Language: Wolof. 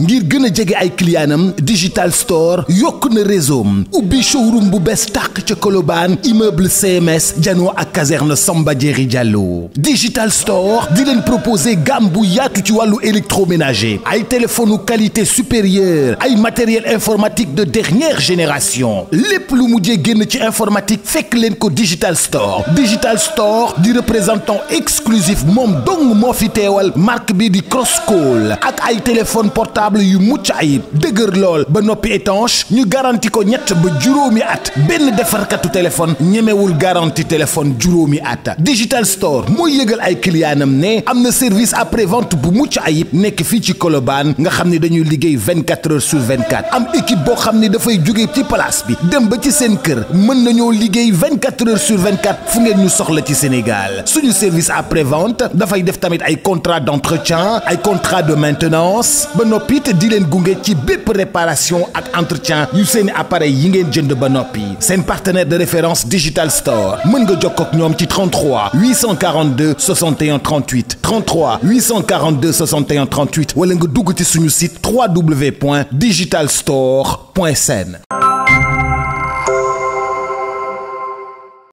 ngir gën a jege ay clientam digital store yokk na réseau ubbi showroom bu bees tàq ca Colobane immeuble CMS janoo ak caserne Samba Diéry Diallo digital store di leen proposer gamme bu yaatu ci wàllu électroménager ay téléphone qualité supérieure ay matériel informatique de dernière génération lépp lu mujjee génn ci informatique fekk leen ko digital store digital store di représentant exclusif moom dong moo fi teewal marque bi di Crosscall ak ay téléphone portable portable yu mucc ayib dëgër lool ba noppi étanche ñu garanti ko ñett ba juróomi at benn defarkatu téléphone ñemewul garanti téléphone juróomi at digital store mooy yëgal ay clientam ne am na service après vente bu mucc ayib nekk fii ci Colobane nga xam ne dañuy liggéey 24 heures sur 24 am équipe boo xam ne dafay jóge ci place bi dem ba ci seen kër mën nañoo liggéey 24 heures sur 24 fu ngeen ñu soxla ci Sénégal suñu service après vente dafay def tamit ay contrat d'entretien ay contrat de maintenance ba noppi yi te di leen gunge ci bépp réparation ak entretien yu seen appareil yi ngeen jënd ba noppi seen partenaire de référence Digital Store mën nga jokkoo ak ñoom ci 33 842 61 38 33 842 61 38 wala nga dugg ci suñu site www.digitalstore.sn